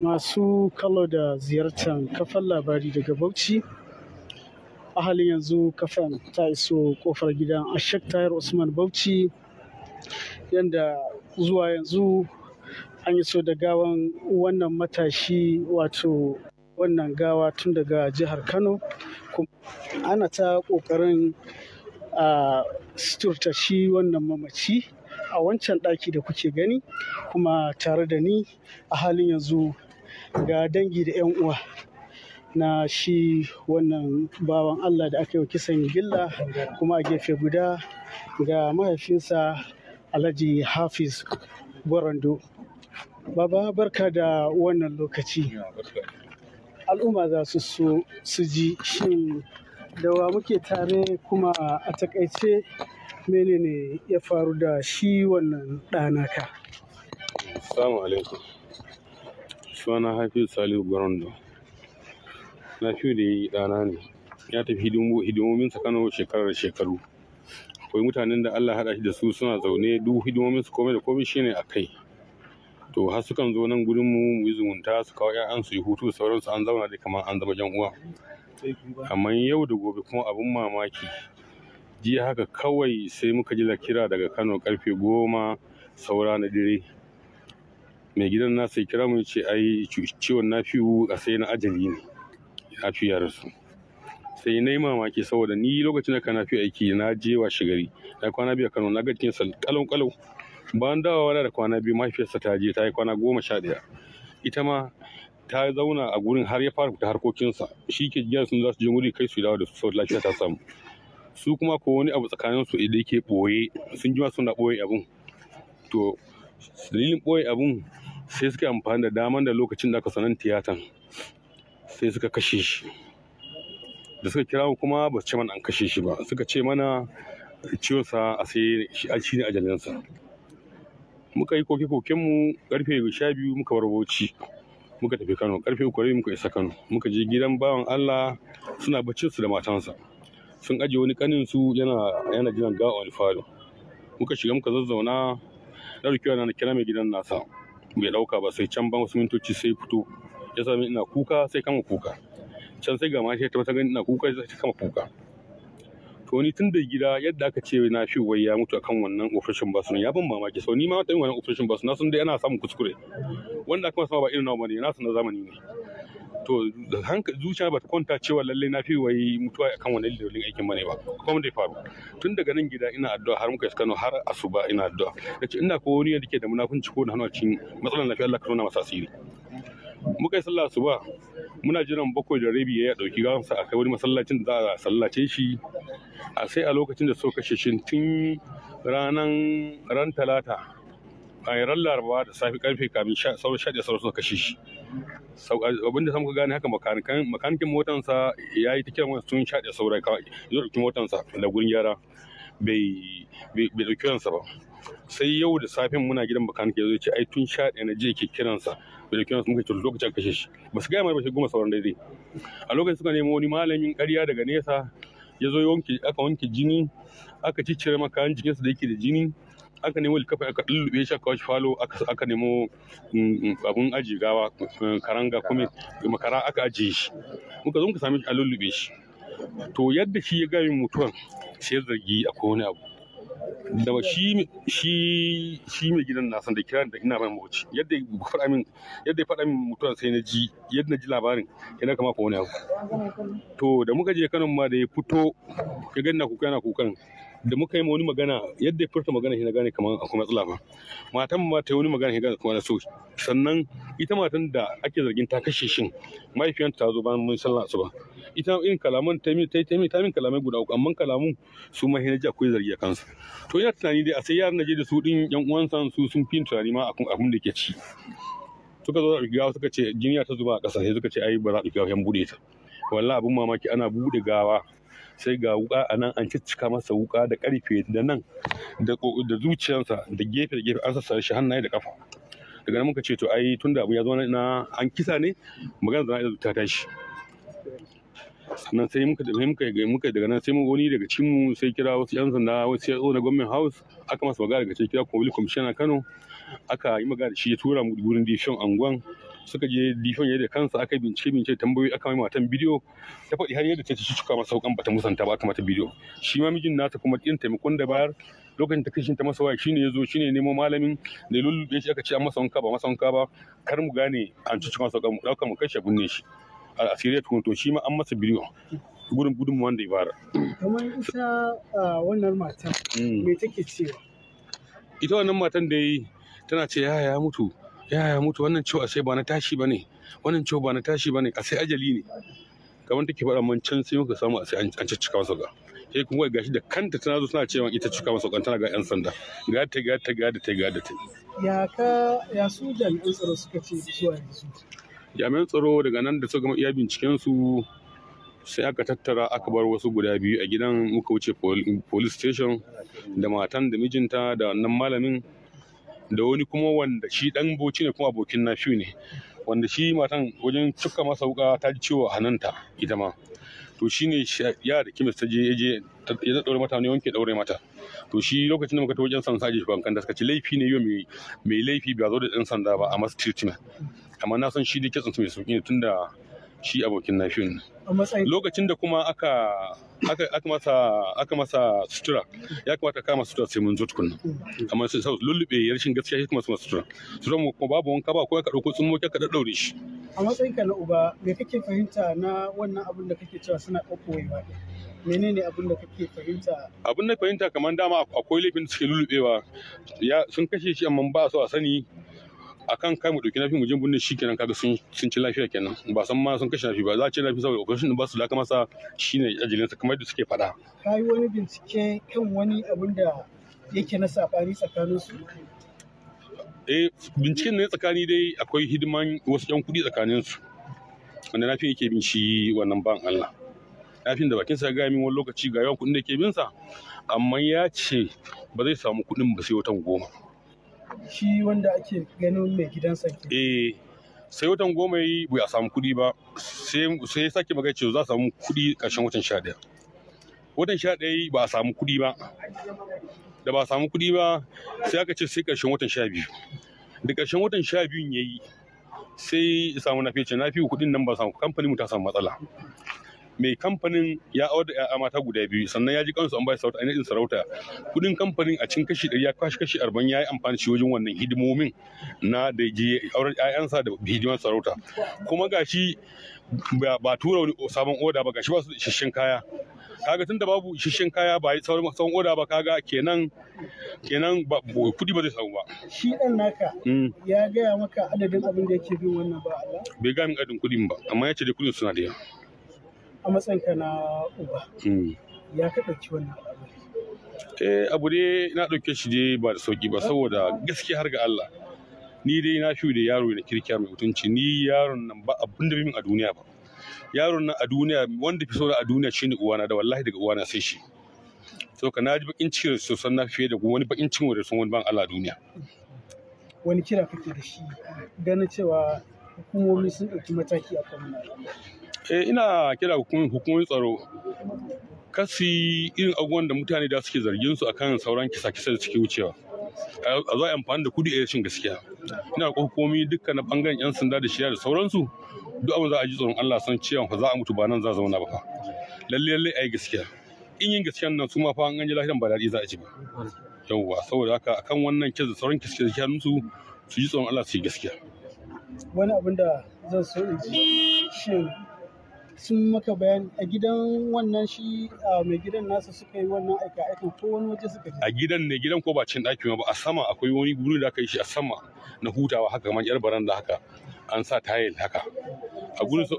Masu kalo da ziyartar kafan labari daga Bauchi, a halin yanzu kafan ta iso kofar gidan Ashek Tayar Usman Bauchi, yanda zuwa yanzu an yi iso da gawan wannan matashi wato wannan gawa tun daga jihar Kano, kuma ana ta ƙoƙarin a suturta shi wannan mamaci a wancan ɗaki da kuke gani, kuma tare da ni a halin yanzu ga dangi da 'yan uwa na shi wannan bawan Allah da aka yi kisan gilla kuma a gefe guda ga mahaifinsa Alhaji Hafiz Gwarando. Baba barka da wannan lokaci. Al'umma za su so su ji shin dawa muke tare kuma a takaice menene ya faru da shi wannan ɗanaka. alaikum. suna hafiz salihu gwarondo na fiye da yi ɗana ne ya tafi hidimominsa kano shekarar shekaru akwai mutanen da allah haɗa shi da su suna zaune duk hidimominsu komai da komai ne a kai to har sukan zo nan gudun mu yi zumunta su kawo ƴaƴan su yi hutu sauransu an zauna dai kamar an zama jan uwa amma yau da gobe kuma abun mamaki jiya haka kawai sai muka ji kira daga kano karfe goma saura na dire mai gidan nasa kira mu ce ai ciwon fiwu a sai na ajali ne afiyar su sai na yi mamaki saboda ni lokacin da kana fi aiki na je wa shigari na kwana biyu Kano na ga sa kalon. kalon bayan dawowa da kwana biyu mahaifiyarsa ta je ta yi kwana goma sha ɗaya ita ma ta zauna a gurin har ya fara fita harkokinsa shi ke jiyar sun za su je wuri kai su dawo da su saboda lafiya ta samu su kuma ko wani abu tsakanin su idan yake ɓoye sun ji ma suna ɓoye abun to dalilin ɓoye abun sai suka amfani da daman da lokacin da aka sanar tiyatan sai suka kashe shi da suka kira kuma ba ce mana an kashe shi ba suka ce mana ciwonsa a sai shi ne ajalinsa muka yi koke-kokenmu karfe sha biyu muka bar muka tafi kano karfe uku muka isa kano muka je gidan bawan allah suna bacin su da matansa sun ajiye wani kanin su yana yana jiran ga wani falo muka shiga muka zazzauna na rikewa na kira mai gidan nasa bai dauka ba sai can ban wasu mintoci sai fito ya sami ina kuka sai kama kuka can sai ga mashi ta wata gani ina kuka sai kama kuka to ni tun da gida yadda aka ce na shi wai ya mutu akan wannan ofishin basu ya ban mamaki sau ni ma wata yin wannan ofishin basu na sun dai ana samun kuskure wanda aka masa ba irin nawa ne na sun na zamani ne to da hankali zuciya ba ta kwanta cewa lalle na fi wai mutuwa akan wannan dalilin aikin bane ba kuma da faru tun daga nan gida ina addu'a har muka iska har asuba ina addu'a nace ina ko wani da ke da munafunci ko da hannu a cikin matsalar lafiya Allah ka nuna masa asiri muka yi sallah ba, muna jiran bakwai da rabi ya dauki gawansa a kai wani masallacin da za a sallace shi a sai a lokacin da suka kashe shi tun ranan ran talata a yi ran laraba da safi karfe kamin sauran shaɗe sauran suka kashe shi abin da samuka gane haka makanikin motansa ya yi ta kiran wani sun shaɗe sauran kawai ya ɗauki motansa da gurin gyara bai ɗauki wansa ba sai yau da safin muna gidan bakanike ya ce ai tun sha ɗaya na je ke kiransa da kiran su muka ce lokacin kashe shi ba su gaya mai ba shi goma sauran daidai a lokacin suka nemo wani malamin ƙarya daga nesa ya zo aka wanke jini aka ciccire makayan jikinsa da yake da jini aka nemo likafa aka lullube shi aka wasu falo aka nemo mm, mm, abun aji gawa mm, karanga kuma makara aka aji. shi muka zo muka sami shi a lullube shi to yadda shi ya gami mutuwan sai zargi akwai wani abu da ba shi shi shi mai gidan na san da kira da ina mai mawuci yadda faɗa min yadda faɗa min mutuwar sai na ji yadda na ji labarin yana kama ko wani abu to da muka je kanon ma da ya fito ya ganna kuka yana kukan da muka yi wani magana yadda ya furta magana shi na gane kamar akwai matsala ba matan ma ta yi wani magana shi gane kuma na so sannan ita matan da ake zargin ta kashe shin mahaifiyanta ta zo bayan mun su asuba ita in kalaman ta yi ta yi ta min kalamai guda uku amma kalamun su ma shi na ji akwai zargi a kansu to ina tunani dai a sai yaran naje da su din yan uwansa su sun fi tunani ma abin da ke ci suka zo da gawa suka ce jiniya ta zuba a ƙasa sai suka ce ai ba za a ɗauki gawa yan bude ta wallahi abin mamaki ana bude gawa sai ga wuka a nan an ciccika masa wuka da karfe da nan da zuciyarsa da gefe da gefe an sassa shi hannaye da kafa daga nan muka ce to ai tun da abu ya zo na an kisa ne magana da na ta tashi sannan sai muka da muka muka daga nan sai mu wani daga cikin mu sai kira wasu yan sanda wasu yan na government house aka masa magana daga cikin kira kuma commissioner Kano aka yi magana da shi ya tura mu gurin dishon anguwan suka je difon ya da kansa aka bincike bincike tambayoyi aka mai matan bidiyo ta faɗi har yadda ta ci cuka masa saukan bata musanta ba aka mata bidiyo shi ma mijin nata kuma ɗin taimakon da bayar lokacin ta kashin ta masa waya shine yazo shine nemo malamin da lullube shi aka ce an masa wanka ba masa wanka ba kar mu gane an cuka masa saukan mu ɗauka mu kai shi gunne shi a asiriyar tukun to shi ma an masa bidiyo gudun gudun wanda ya bara. kamar ita wannan matan mm. me take cewa ita wannan matan da yi tana ce ya ya mutu ya ya mutu wannan ciwo sai ba na tashi ba ne wannan ciwo ba na tashi ba ne a sai ajali ne kamar take faɗa man can sai muka samu a sai an cika masa sauka. sai kuma gashi da kanta tana zo tana cewa ita cika masa kan tana ga yan sanda ga ta ga ta ga da ta ga da ta ya ka ya su jami'an tsaro suka ce zuwa yanzu jami'an tsaro daga nan da suka gama iya binciken su sai aka tattara aka bar wasu guda biyu a gidan muka wuce police station da matan da mijinta da wannan malamin da wani kuma wanda shi dan boci ne kuma abokin nafiu ne wanda shi matan wajen cika masa wuka ta ji ciwo a hannunta ita ma to shi ne ya da kimis ta je je ya mata ne wanke ɗaure mata to shi lokacin da muka ta wajen sansa ji kan, kanta suka ci laifi ne yau mai laifi ba zo da dan sanda ba a masu treatment amma na san shi da tsuntsu mai sauki ne tunda shi abokin nafin lokacin da kuma aka aka masa aka masa sutura ya kamata kama sutura sai mun zo tukunna amma sai sau lullube ya rashin gaskiya shi kuma su sutura sutura mu kuma babu wanka ba ko ka dauko tsumo ka daddaure shi a matsayin ka na uba me kake fahimta na wannan abin da kake cewa suna ba menene abin da kake fahimta abin da fahimta kamar dama akwai laifin da suke lullubewa sun kashe shi amma ba su a sani akan kai mu dauki nafi mu je bunne shi kenan kaga sun sun ci lafiya kenan ba san ma sun kashe nafi ba za a ce nafi saboda operation ba su da kamar sa shine ajalinsa kamar yadda suke faɗa kai wani bincike kan wani abin da yake na safari tsakanin su eh binciken ne tsakani dai akwai hidiman wasu yan kuɗi tsakanin su wanda nafi yake bin shi wannan ban Allah nafin da bakin sa ga min wani lokaci ga yawan kudin da ke bin sa amma ya ce ba zai samu kuɗin ba sai watan goma shi wanda ake ganin mai gidan ke eh, sai watan goma yi bai a samu kuɗi ba sai ya sake magana cewa za a samu kuɗi ƙarshen watan sha ɗaya watan sha ɗaya ba a samu kuɗi ba da ba a samu kuɗi ba sai aka ce sai ƙarshen watan sha biyu da ƙarshen watan sha biyun ya yi sai ya samu na fiye na fiye kuɗin nan ba samu kamfani mu ta samu matsala mai kamfanin ya awar da ya'ya mata guda biyu sannan ya ji kansu an bai sauta ainihin sarauta kudin kamfanin a cikin kashi ɗari ya kashi kashi arba'in ya yi amfani shi wajen wannan hidimomin na da ji auren 'ya'yansa da hidimar sarauta kuma gashi ba tura wani sabon oda ba gashi ba su isasshen kaya kaga tunda babu isasshen kaya ba yi sauran sauran oda ba kaga kenan kenan ba kudi ba zai samu ba shi dan naka hmm. ya gaya maka adadin abin da yake bin wannan ba Allah bai ga min adadin kudin ba amma ya ce da kudin suna da yawa a matsayinka na uba eh. ya ka ɗauki wannan eh abu ne na ɗauke shi dai ba da sauki ba saboda gaskiya har ga Allah ni dai na fi da yaro da kirkiya mai mutunci ni yaron nan ba abin da min a duniya ba yaron nan a duniya wanda fi saura a duniya shine uwana da wallahi daga uwana sai shi so ka na ji bakin cikin san na fiye da wani bakin cikin da sun wani ban Allah duniya wani kira kake da shi ganin cewa hukumomi sun ɗauki mataki a kan Eh ina kira hukumomin tsaro kasi irin abubuwan da mutane da suke zargin su akan sauran kisa-kisa da suke wucewa. A zo amfani da kudi a yashin gaskiya. Ina ko hukumomi dukkan na bangaren 'yan sanda da shiya da sauransu duk abin za a ji tsoron Allah san cewa fa za a mutu ba nan za zauna ba fa. Lalle lalle ai gaskiya. In yin gaskiyan nan su ma fa an ganje lafiyan ba daɗi za a ci ba. yauwa saboda haka akan wannan kisa sauran kisa-kisa su su ji tsoron Allah su yi gaskiya. Wani abin da zan so in ji shin sun maka bayan a gidan wannan shi mai gidan nasa suka yi wannan aika aikin ko wani waje suka je a gidan ne gidan ko ba cin ɗakin ba a sama akwai wani guri da aka yi shi a sama na hutawa haka kamar yar baranda haka an sa tayil haka a gurin su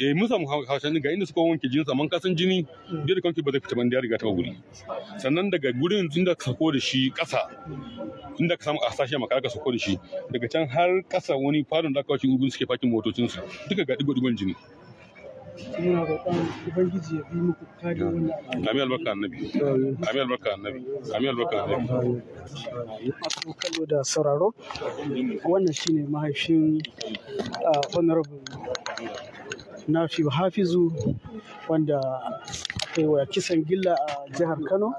eh mun samu hawacan ga inda suka wanke jinsa man kasan jini hmm. da kanki ba zai fita ban da riga ta guri sannan daga gurin inda ka sako da shi ƙasa inda ka samu a sashi maka ka sako da shi daga can har ƙasa wani fadon da aka wuce gurin suke fakin motocinsu duka ga digo digon jini muna roƙon ubangiji ya bi muku kare wannan albarka annabi amin albarka annabi albarka annabi masu kallo da sauraro wannan shine mahaifin ah, honorable nafi hafizu wanda kai wa kisan gilla a jihar kano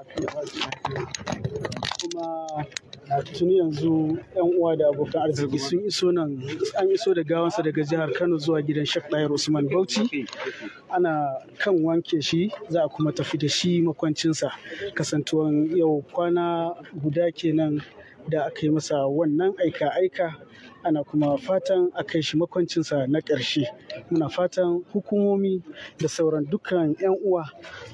kuma tuni yanzu yan uwa da abokan arziki sun iso nan an iso da gawansa daga jihar kano zuwa gidan shek ɗayar usman bauchi ana kan wanke shi za a kuma tafi da shi makwancinsa kasantuwan yau kwana guda kenan da aka yi masa wannan aika-aika ana kuma fatan a kai shi makwancinsa na ƙarshe muna fatan hukumomi da sauran dukkan 'yan uwa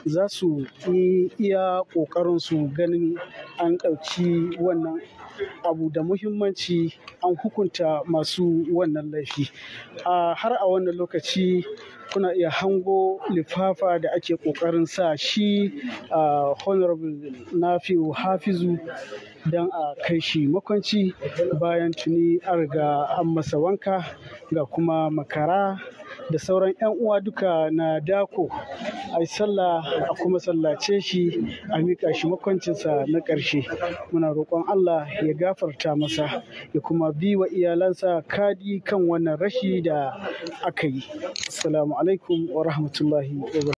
za su iya iya ƙoƙarinsu ganin an ɗauki wannan abu da muhimmanci an hukunta masu wannan laifi har a wannan lokaci kuna iya hango lifafa da ake ƙoƙarin sa shi a honorable nafi'u hafizu don a kai shi makwanci bayan tuni an ga an masa wanka ga kuma makara da sauran 'yan uwa duka na dako a sallah a kuma sallace shi a miƙa shi makwancinsa na ƙarshe muna roƙon Allah ya gafarta masa ya kuma bi wa iyalansa kadi kan wannan rashi da aka yi assalamu alaikum wa rahmatullahi wa